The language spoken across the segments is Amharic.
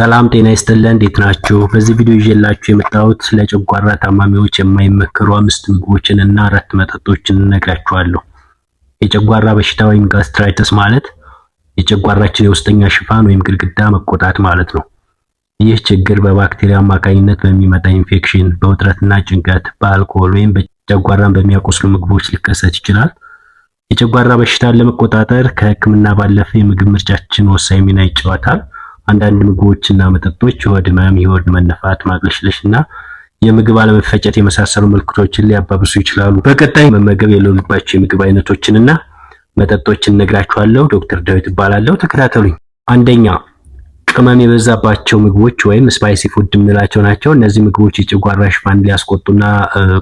ሰላም ጤና ይስጥልን፣ እንዴት ናችሁ? በዚህ ቪዲዮ ይዤላችሁ የመጣሁት ለጨጓራ ታማሚዎች የማይመከሩ አምስት ምግቦችን እና አራት መጠጦችን እነግራችኋለሁ። የጨጓራ በሽታ ወይም ጋስትራይተስ ማለት የጨጓራችን የውስጠኛ ሽፋን ወይም ግድግዳ መቆጣት ማለት ነው። ይህ ችግር በባክቴሪያ አማካኝነት በሚመጣ ኢንፌክሽን፣ በውጥረትና ጭንቀት፣ በአልኮል ወይም ጨጓራን በሚያቆስሉ ምግቦች ሊከሰት ይችላል። የጨጓራ በሽታን ለመቆጣጠር ከህክምና ባለፈ የምግብ ምርጫችን ወሳኝ ሚና ይጫወታል። አንዳንድ ምግቦችና መጠጦች የሆድ ህመም፣ የሆድ መነፋት፣ ማቅለሽለሽ እና የምግብ አለመፈጨት የመሳሰሉ ምልክቶችን ሊያባብሱ ይችላሉ። በቀጣይ መመገብ የሌሉባቸው የምግብ አይነቶችንና መጠጦችን ነግራችኋለሁ። ዶክተር ዳዊት እባላለሁ። ተከታተሉኝ። አንደኛ ቅመም የበዛባቸው ምግቦች ወይም ስፓይሲ ፉድ የምንላቸው ናቸው። እነዚህ ምግቦች የጨጓራ ሽፋን ሊያስቆጡና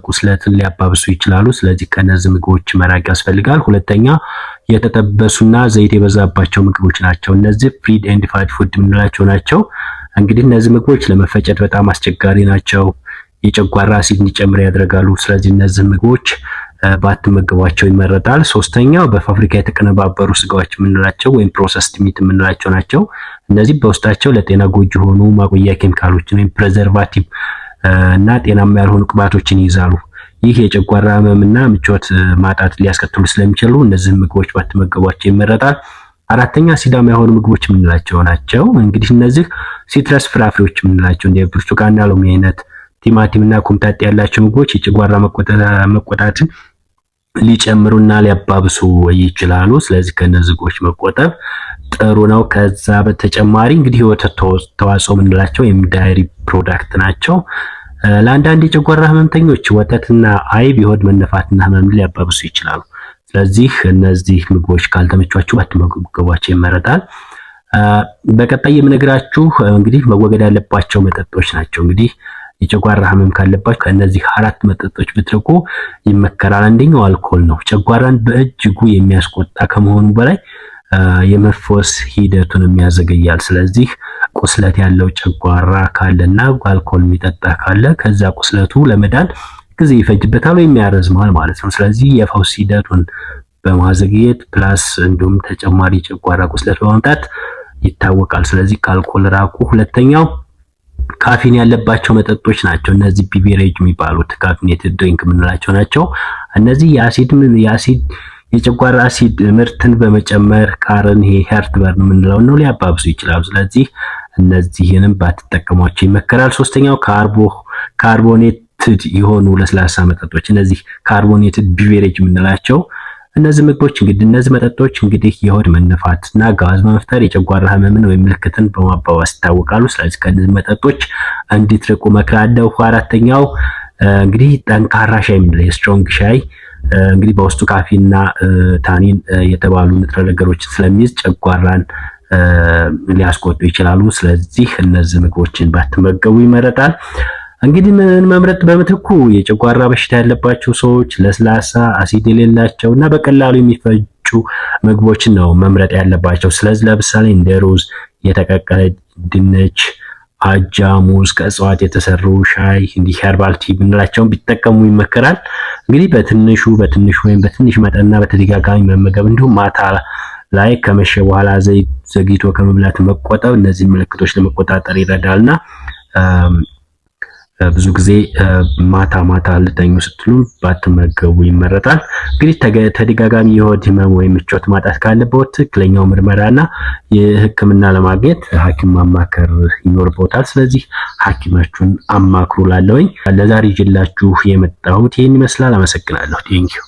ቁስለትን ሊያባብሱ ይችላሉ። ስለዚህ ከእነዚህ ምግቦች መራቅ ያስፈልጋል። ሁለተኛ የተጠበሱና ዘይት የበዛባቸው ምግቦች ናቸው። እነዚህ ፍሪድ ኤንድ ፋድ ፉድ የምንላቸው ናቸው። እንግዲህ እነዚህ ምግቦች ለመፈጨት በጣም አስቸጋሪ ናቸው። የጨጓራ አሲድ እንዲጨምር ያደርጋሉ። ስለዚህ እነዚህ ምግቦች ባትመገቧቸው ይመረጣል። ሶስተኛው በፋብሪካ የተቀነባበሩ ስጋዎች የምንላቸው ወይም ፕሮሰስድ ሚት የምንላቸው ናቸው። እነዚህ በውስጣቸው ለጤና ጎጂ የሆኑ ማቆያ ኬሚካሎችን ወይም ፕሬዘርቫቲቭ እና ጤናማ ያልሆኑ ቅባቶችን ይይዛሉ። ይህ የጨጓራ ህመምና ምቾት ማጣት ሊያስከትሉ ስለሚችሉ እነዚህ ምግቦች ባትመገቧቸው ይመረጣል። አራተኛ ሲዳማ የሆኑ ምግቦች የምንላቸው ናቸው። እንግዲህ እነዚህ ሲትረስ ፍራፍሬዎች የምንላቸው እንደ ብርቱካንና ሎሚ አይነት ቲማቲም እና ኩምታጤ ያላቸው ምግቦች የጨጓራ መቆጣትን ሊጨምሩና ሊያባብሱ ይችላሉ። ስለዚህ ከነዚህ ምግቦች መቆጠብ ጥሩ ነው። ከዛ በተጨማሪ እንግዲህ የወተት ተዋጽኦ የምንላቸው ዳይሪ ፕሮዳክት ናቸው። ለአንዳንድ የጨጓራ ህመምተኞች ወተትና አይብ የሆድ መነፋትና ህመም ሊያባብሱ ይችላሉ። ስለዚህ እነዚህ ምግቦች ካልተመቿችሁ ባትመገቧቸው ይመረጣል። በቀጣይ የምነግራችሁ እንግዲህ መወገድ ያለባቸው መጠጦች ናቸው። እንግዲህ የጨጓራ ህመም ካለባችሁ ከእነዚህ አራት መጠጦች ብትርቁ ይመከራል። አንደኛው አልኮል ነው። ጨጓራን በእጅጉ የሚያስቆጣ ከመሆኑ በላይ የመፎስ ሂደቱንም ያዘገያል። ስለዚህ ቁስለት ያለው ጨጓራ ካለና አልኮል የሚጠጣ ካለ ከዛ ቁስለቱ ለመዳን ጊዜ ይፈጅበታል ወይም ያረዝማል ማለት ነው። ስለዚህ የፈውስ ሂደቱን በማዘግየት ፕላስ እንዲሁም ተጨማሪ ጨጓራ ቁስለት በማምጣት ይታወቃል። ስለዚህ ከአልኮል ራቁ። ሁለተኛው ካፊን ያለባቸው መጠጦች ናቸው። እነዚህ ቢቤሬጅ የሚባሉት ካፊኔትድ ድሪንክ የምንላቸው ናቸው። እነዚህ የአሲድ የአሲድ የጨጓራ አሲድ ምርትን በመጨመር ካርን ይሄ ሄርት በርን የምንለው ነው ሊያባብሱ ይችላሉ። ስለዚህ እነዚህንም ባትጠቀሟቸው ይመከራል። ሶስተኛው ካርቦ ካርቦኔትድ የሆኑ ለስላሳ መጠጦች እነዚህ ካርቦኔትድ ቢቬሬጅ የምንላቸው እነዚህ ምግቦች እንግዲህ እነዚህ መጠጦች እንግዲህ የሆድ መነፋት እና ጋዝ በመፍጠር የጨጓራ ህመምን ወይም ምልክትን በማባባስ ይታወቃሉ። ስለዚህ ከእነዚህ መጠጦች እንዲትርቁ መክራለሁ። አራተኛው እንግዲህ ጠንካራ ሻይ ምንድን የስትሮንግ ሻይ እንግዲህ በውስጡ እና ታኒን የተባሉ ንጥረ ነገሮችን ስለሚይዝ ጨጓራን ሊያስቆጡ ይችላሉ። ስለዚህ እነዚህ ምግቦችን ባትመገቡ ይመረጣል። እንግዲህ ምን መምረጥ በምትኩ የጨጓራ በሽታ ያለባቸው ሰዎች ለስላሳ አሲድ የሌላቸው እና በቀላሉ የሚፈጩ ምግቦችን ነው መምረጥ ያለባቸው። ስለዚህ ለምሳሌ እንደ ሩዝ፣ የተቀቀለ ድንች፣ አጃ፣ ሙዝ፣ ከእጽዋት የተሰሩ ሻይ፣ እንዲህ ኸርባል ቲ ብንላቸውን ቢጠቀሙ ይመከራል። እንግዲህ በትንሹ በትንሹ ወይም በትንሽ መጠንና በተደጋጋሚ መመገብ እንዲሁም ማታ ላይ ከመሸ በኋላ ዘይት ዘግይቶ ከመብላት መቆጠብ እነዚህ ምልክቶች ለመቆጣጠር ይረዳልና ብዙ ጊዜ ማታ ማታ ልተኙ ስትሉ ባትመገቡ ይመረጣል። እንግዲህ ተደጋጋሚ የሆድ ህመም ወይም ምቾት ማጣት ካለበት ትክክለኛው ምርመራና የህክምና ለማግኘት ሐኪም ማማከር ይኖርበታል። ስለዚህ ሐኪማችሁን አማክሩ። ላለውኝ ለዛሬ ይዤላችሁ የመጣሁት ይህን ይመስላል። አመሰግናለሁ። ቴንኪው